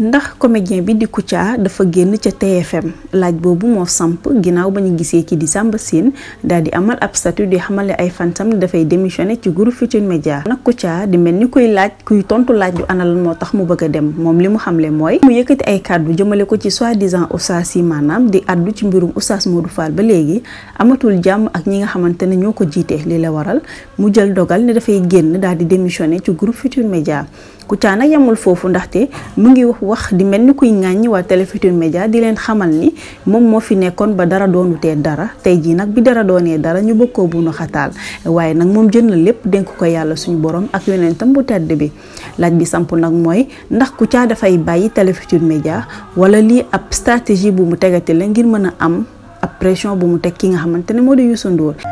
ndax comédien bi di Kouthia dafa génn ca TFM laaj boobu moo samp ginnaaw ba ñu gisee ki di Samba Sine daal di amal ab statut di xamale ay fansam dafay démissionné ci groupe Futurs Médias nag Kouthia di mel ni kuy laaj kuy tontu laaj yu ana moo tax mu bëgg a dem moom li mu xamle mooy mu yëkkati ay kàddu jëmale ko ci soi-disant oustaz yi maanaam di addu ci mbirum oustaz Modou Fall ba léegi amatul jàmm ak ñi nga xamante ne ñoo ko jiite li la waral mu jël dogal ne dafay génn daal di démissionné ci groupe Futurs Médias ku caa nag yemul foofu ndaxte mu ngi wax di mel ni kuy ŋàññi waa Télé Futurs di leen xamal ni moom moo fi nekkoon ba dara doonutee dara tey jii nag bi dara doonee dara ñu bëggoo bu nu xataal waaye nag moom jën na lépp dénk ko yàlla suñu borom ak yonentam bu tedd bi laaj bi samp nag mooy ndax ku caa dafay bàyyi Télé Futurs Médias wala lii ab stratégie bu mu tegate la ngir mën a am ab pression bu mu teg ki nga xamante ne moo di Youssou Ndour